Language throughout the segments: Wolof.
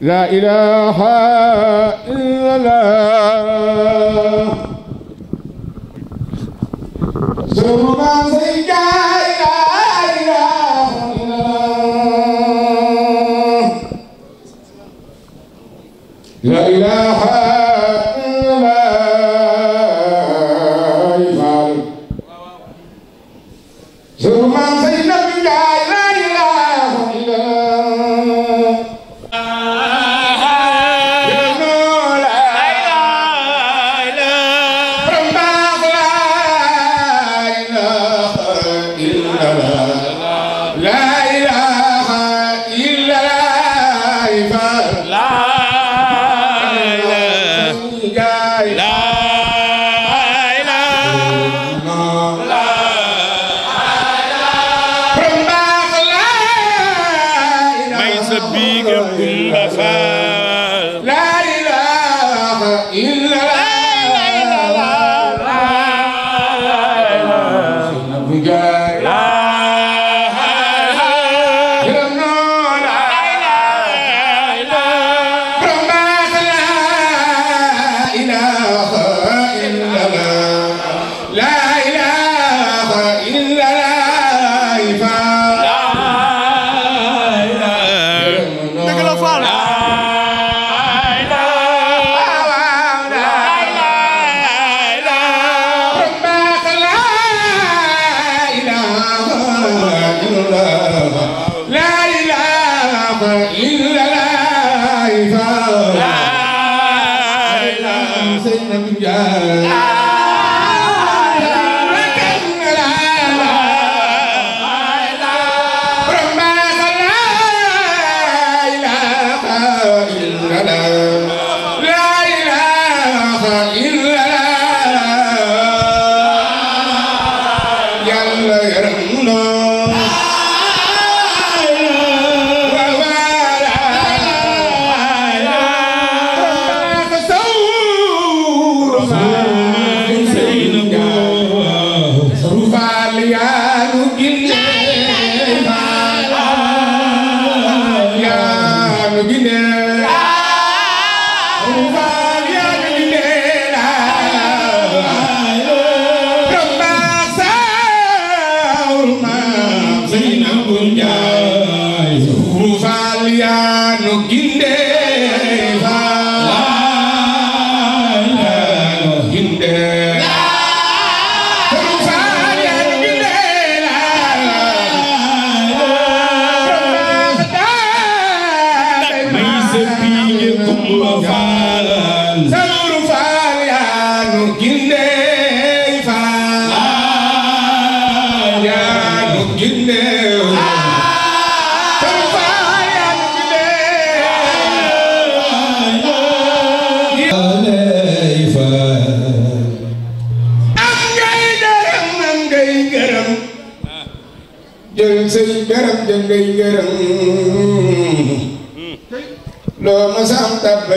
لا إله إلا الله سرنا سيدا لا إله إلا الله لا إله Seynabou Ndiaye yaa nu gindi lay loo ma sa am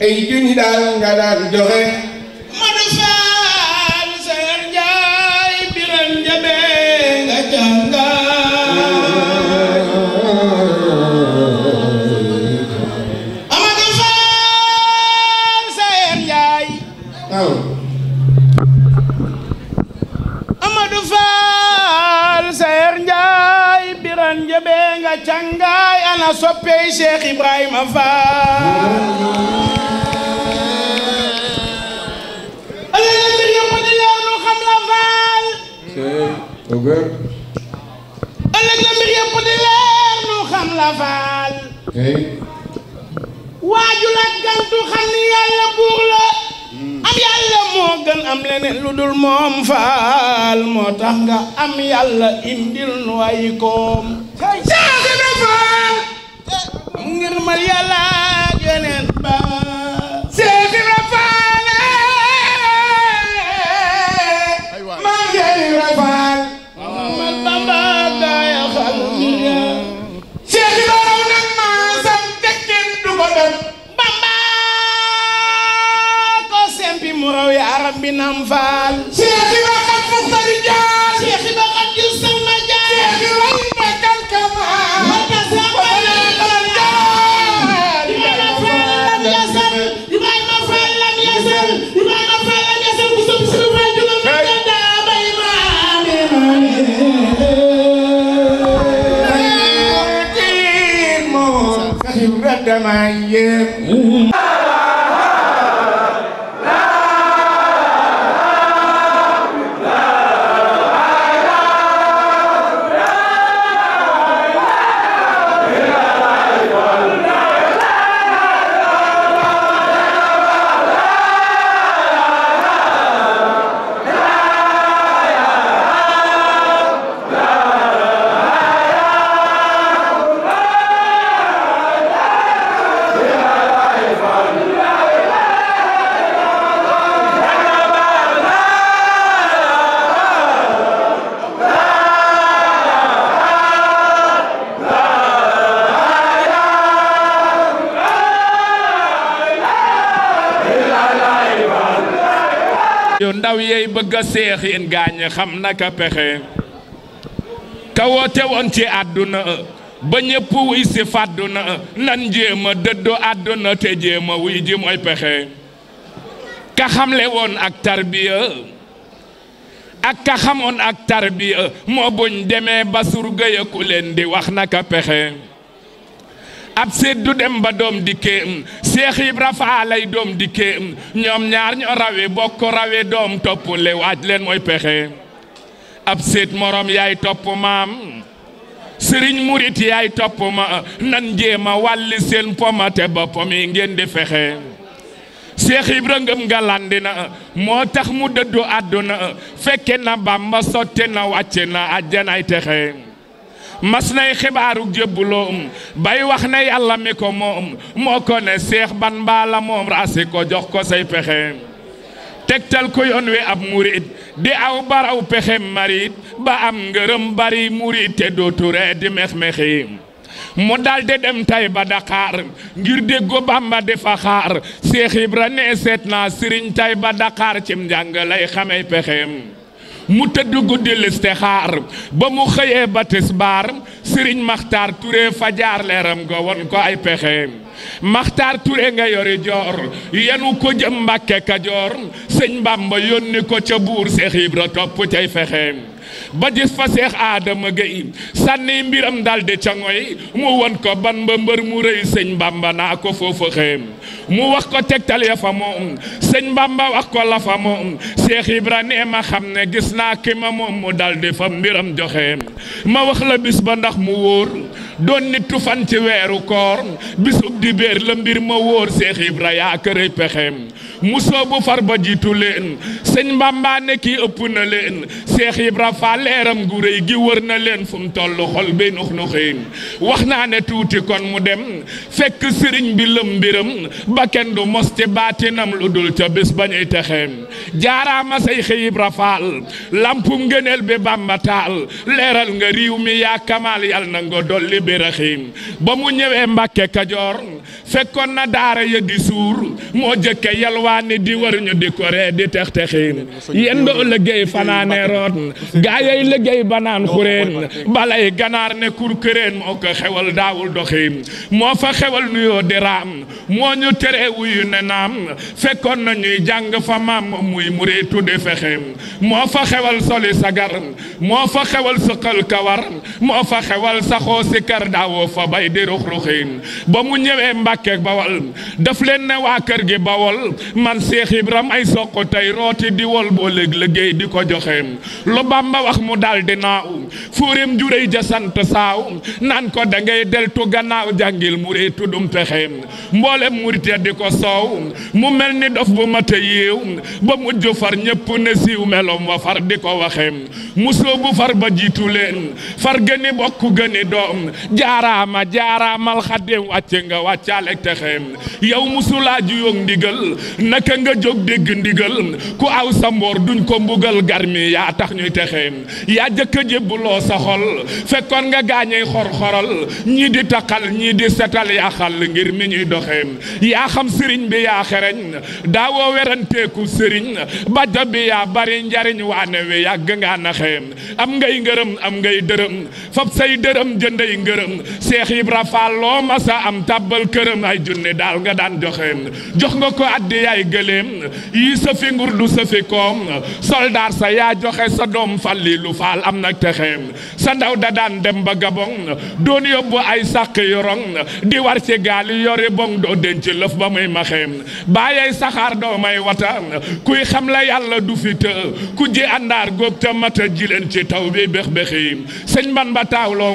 ay junni daal nga daan joxe na soppey Cheikh Ibrahima Fall dëgër. ëllëg la mbir yëpp di leer nu xam la faal. waajul ak gantu xam ni yàlla buur am yàlla moo gën am leneen lu dul moom faal moo tax nga am yàlla indil nu ay koom. ngërmal yàlla ak yoneen ba Seex Ibra Faal maa ngi Ibra Faal Muhammad Bamba daaya xam Seex Ibra raw nag maa sam te kenn du ko def Bamba ko sempi mu raw yaaram bi nam faal damaa yéem yu ndaw yey bëgg a gaañ xam naka pexe ka woote woon ci àdduna ba ñëpp wuy si fàdduna nan jéem a àdduna te jéem wuy ji mooy pexe ka xamle woon ak tarbiya ak ka xamoon ak tarbiya moo buñ demee ba surga ya ku leen di wax naka pexe ab seet du dem ba doom dikkee mm, Seex Ibra Faalay doom dikkee mm, ñoom ñaar ñoo rawe bokk rawe doom toppule waaj leen mooy pexe ab seet moroom yaay topp maam sëriñ murit yaay topp ma nan jéema wàlli seen poma te boppam yi ngeen di fexe Seex Ibra ngëm galandi na moo tax mu dëddu àdduna fekke na Bàmba sotte na wàcce na àjjanaay texe mas nay xibaaru jébbuloom bay wax na yàlla mi ko moom moo ko ne seex ban mbaala moom raasi ko jox ko say pexe tegtal ko yoon wi ab murit di aw baraw pexe marit ba am ngërëm bari murit te dootu ree di mex-mexi mu daldi dem tay ba Dakar ngir déggo Bamba di fa xaar Seex Ibra ne seet naa sëriñ tay ba Dakar cim njàng lay xamey pexem mu tëdd guddi listixaar ba mu xëyee ba tisbaar sëriñ maxtaar turee fajaar leeram nga won ko ay pexeem maxtaar Touré nga yori joor yenu ko jëm Mbàkke Kajoor sëñ Bàmba yónni ko ca buur Seex Ibra topp cay fexeem ba gis fa seex aadama gay sànni mbiram daldi ca ngoy mu won ko ban ba mbër mu rëy sëñ Bamba naa ko foofa xeem mu wax ko tegtal ya fa moom sëñ Bamba wax ko la fa moom seex Ibra nee ma xam ne gis naa ki ma moom mu daldi fa mbiram joxeem ma wax la bis ba ndax mu wóor doon nittu fan ci weeru koor bisub dibéer la mbir ma wóor Seex Ibra yaa kërëy pexeem musoo bu far ba jiitu leen sëñ Bamba ne kii ëpp na leen Seex Ibra Faal leeram gu rëy gi wër na leen fu mu toll xol bi nux nuxiin wax naa ne tuuti kon mu dem fekk sëriñ bi lëm mbiram ba kenn du mos ci baatinam lu dul ca bés bañuy texeem jaaraama Seex Ibra Faal lampum ngëneel bi Bamba taal leeral nga riiw mi yaa kamaal yal na nga dolli bi raxiim ba mu ñëwee mbàkke kajoor fekkoon na daara ya di suur moo jëkke yalwaani di waruñu di koree di tex yendoo liggéey fanaane root gaayay banaan xureen balay ganaar ne kur moo ko xewal daawul doxiim moo fa xewal nuyoo di raam moo ñu tere wuyu ne naam fekkoon na ñuy jàng fa maam muy muri tudde fexeem moo fa xewal soli sagar moo fa xewal sëqal kawar moo Ndar daawoo fa bay di ruxruxin ba mu ñëwee Mbàkke Bawol daf leen ne waa kër gi Bawol man Seex Ibram ay soq tey rooti di wol boo léeg di ko joxe lu Bamba wax mu daal naaw fuureem jurey ja sant saaw naan ko dangay ngay deltu gannaaw jàngil mu ree tuddum pexe mboolem murite di ko soow mu mel ni dof bu ma yiw ba mujj far ñëpp ne siiw melom wa far di ko waxe musoo bu far ba jiitu leen far gëni bokk gëni doom jaaraama jaaraamal xaddeem wàcce nga wàccaaleeg texeem yow musulaa juyoog ndigal naka nga jóg dégg ndigal ku aw sa mboor duñ ko mbugal garmi yaa tax ñuy texeem yaa jëkk a jébbuloo sa xol fekkoon nga gaañey xor-xoral ñii di taqal ñii di setal yaa xal ngir mi ñuy doxeem yaa xam sëriñ bi yaa xereñ daawoo weranteeku sëriñ bajja bi yaa bari njariñ waane wi yàgg ngaa naxeem am ngay ngërëm am ngay dërëm fab say dërëm jënday gërëm Cheikh Ibra Fall loo masa am tàbbal këram ay junne daal nga daan joxe jox nga ko addi yaay gëleem yii sa fi du sa fi koom soldaar sa yaa joxe sa doom falli lu faal am na texeem sa ndaw da daan dem ba gabon doon yóbbu ay sàq yorong di war ci gaal yore bong doo denc lëf ba muy maxeem bàyyey saxaar doo may wata kuy xam la yàlla du fi të ku ji àndaar góob te mata jileen ci taw bi béx béxi sëñ man ba taaw loo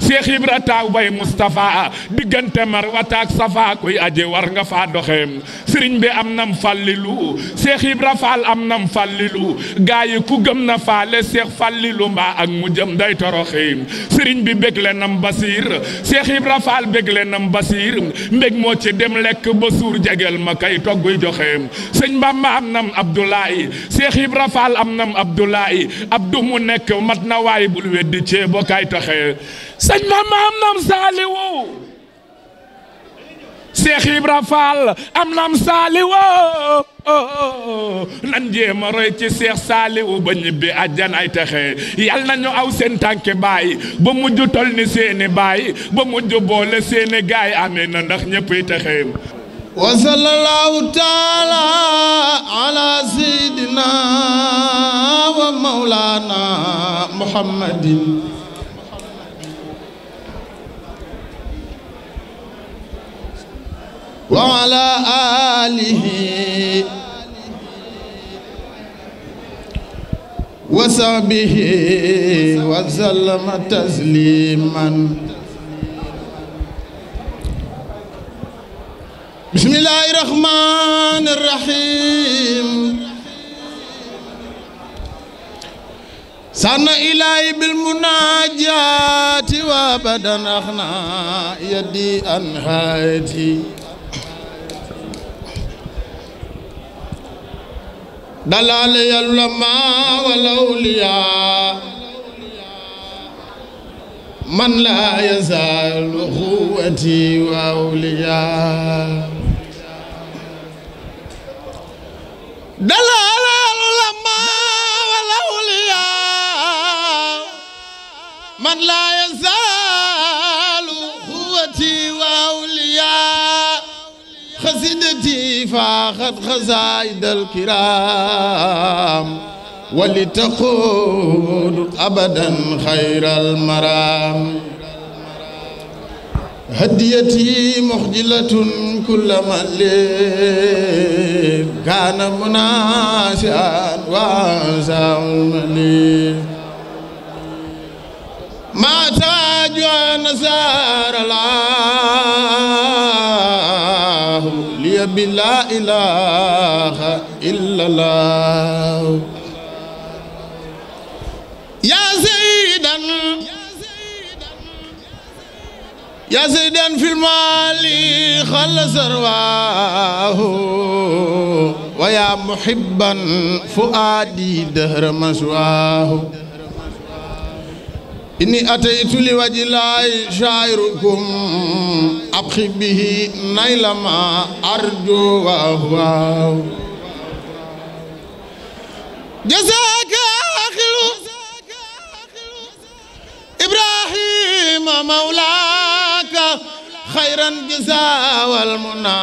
Cheikh Ibra taaw bay Moustapha diggante marwataak safa kuy aje war nga faa doxeem sëriñ bi am nam fàllilu Cheikh Ibra Fall am nam fàllilu gaa yi ku gëm na faale Cheikh fàllilu mbaa ak mu jëm day toroxi sëriñ bi bég le nam basiir Cheikh Ibra Fall bég le nam basiir mbég moo ci dem lekk ba suur jegel ma kay togguy joxeem sëñ Bamba am nam Abdoulaye Cheikh Ibra Fall am nam Abdoulaye Abdou mu nekk mat na waay bul weddi cee boo kay taxee sëñ ma maam nam saaliwu am nam saaliwu nan jéema ci seex saaliwu ba ñibbi àjjan ay texe yal nañu aw seen tànki baay ba mujj tol ni seeni baay ba mujj boole seeni gaay amee na ndax ñëppay texe wa sallallahu taala ala wa maulana muhammadin وعلى آله وصحبه وسلم تسليما بسم الله الرحمن الرحيم سن إلهي بالمناجات وابدا أخنا يدي أنهاتي دلالي العلماء والأولياء من لا يزال قوتي وأولياء دلالي العلماء والأولياء من لا يزال فاخت خزائد الكرام ولتقول أبدا خير المرام هديتي مخجلة كل من لي كان مناسعا واسع المليل ما تاج نزار العالم الحمد بلا إله إلا الله يا زيدا يا زيدا في المال خلص رواه ويا محبا فؤادي دهر مسواه inni ataytu li waji laay shairukum abxi bihi naylama arju waaw waaw jazaaka axilu ibrahima mawlaaka xayran jazaawal muna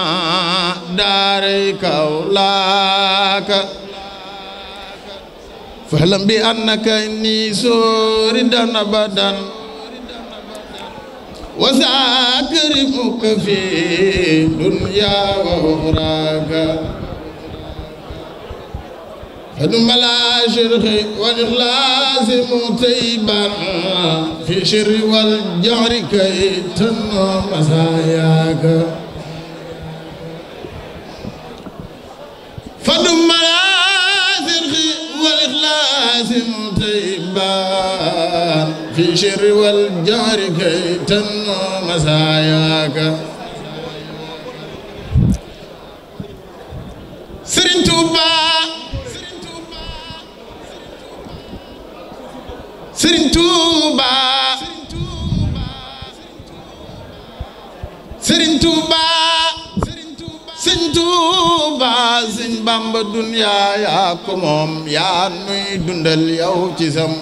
daaray kawlaaka فاعلم بأنك إني سوردا أبدا وسأكرمك في دنيا وأخراك فدم لا شرخ والإخلاص مطيبا في شر والجهر كي تنو مساياك فدم لا والإخلاص متيبان في شر والجهر كي تنمو مساياك سرين توبا سرين توبا سرين توبا sëñ Tuuba sëñ Bamba duniyaa yaa ko moom yaa nuy dundal yow ci sam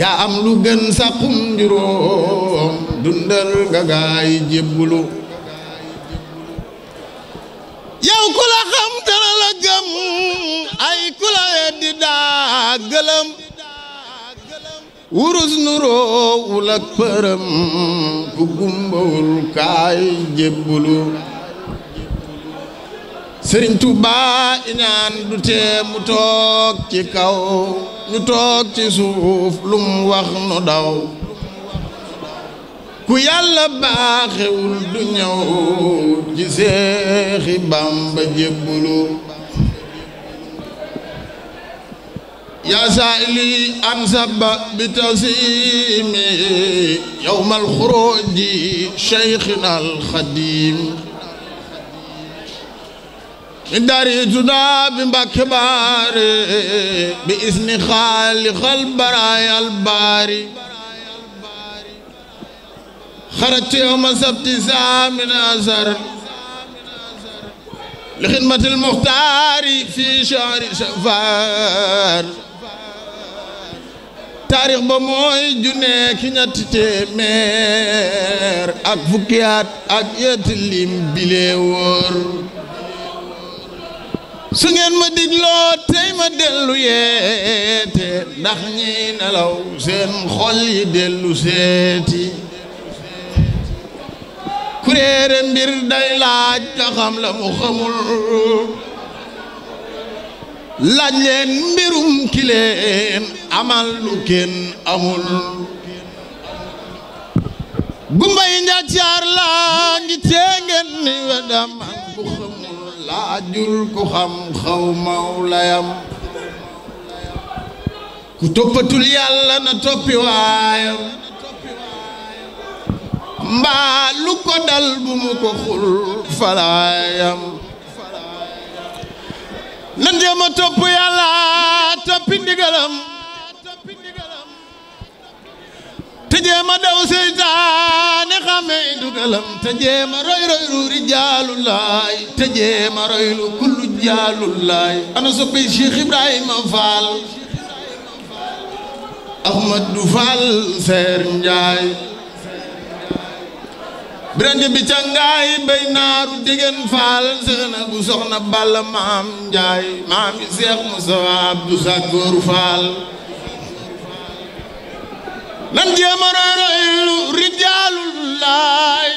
yaa am lu gën saxum juróom dundal gagaay jébbulu yow ku la xam dana la gëm ay ku la di daa gëlëm wurus nu roowul ak përëm ku gumbawul kaay jébbulu sëriñ Tuubaa inaan du tee toog ci kaw ñu toog ci suuf lum wax nu daw ku yàlla baaxewul du ñëw ci seexi Bàmba jébbulu yaa saa'ili an sabba bi tawsiimi yawma alxuruuji sheykhina alxadiim min dariitunaa bi Mbàkke baare bi isni xaaliqal baraaya albaari xarajtu yawma sabti saamin asar li xidmati almuxtaari fi shahri safar taarix ba mooy junne ki ak fukki at su ngeen ma digloo tey ma dellu yeete ndax ñi nelaw seen xol yi dellu seeti kuréere mbir day laaj ka xam la mu xamul laaj leen mbirum ki leen amal lu kenn amul gumbay njaccaar laa ngi teengeen wedam bu xamul laajul ku xam xaw mawlayam ku toppatul yàlla na toppi waayam mbaa lu ko dal bu mu ko xul nan jéem a topp yàlla toppi ndigalam te jéem a daw seytaane xamee dugalam te jéem a roy roy rijaalullaay te jéem a roy kullu jaalullaay ana soppi Cheikh Ibrahima Fall Ahmadou Fall Seer Njaay birante bi cangaay bay naaru degen faal sëxna bu soxna balla maam njaay maam yi seex musa abdu sakkooru faal nan jéema royroylu rijaalullaay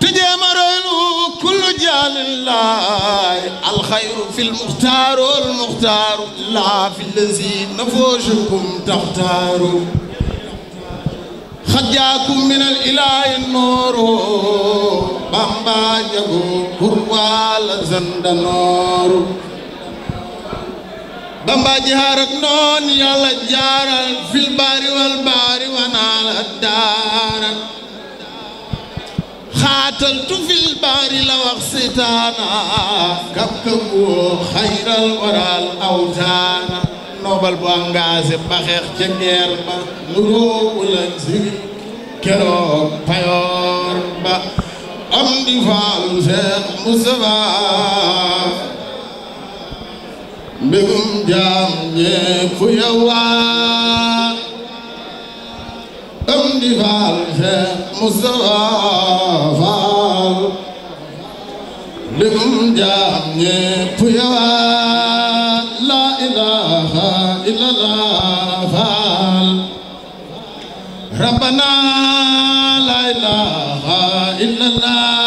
te jéema roylu kullu jaalillaay alxayru fil muxtaaru al muxtaaru laa fi lazi nafoosukum taxtaaru xajaakum min al ilaahi nooru bamba jago pour waala zanda nooru bamba jaar ak noon yàlla jaaral fil baari wal baari wanaal daara xaatal tu fil baari la wax sitaana kab kab woo xayral waral awtaana nobal bu engagé baxeex ca ngeer ba nu róowulan si keroog payoor ba am di faalu Seex Mustafa mbégum jaam ñee fu yawaa am di faalu Seex Mustafa faal mbégum jaam ñee fu yawaa إلا الله فعل ربنا لا إله إلا الله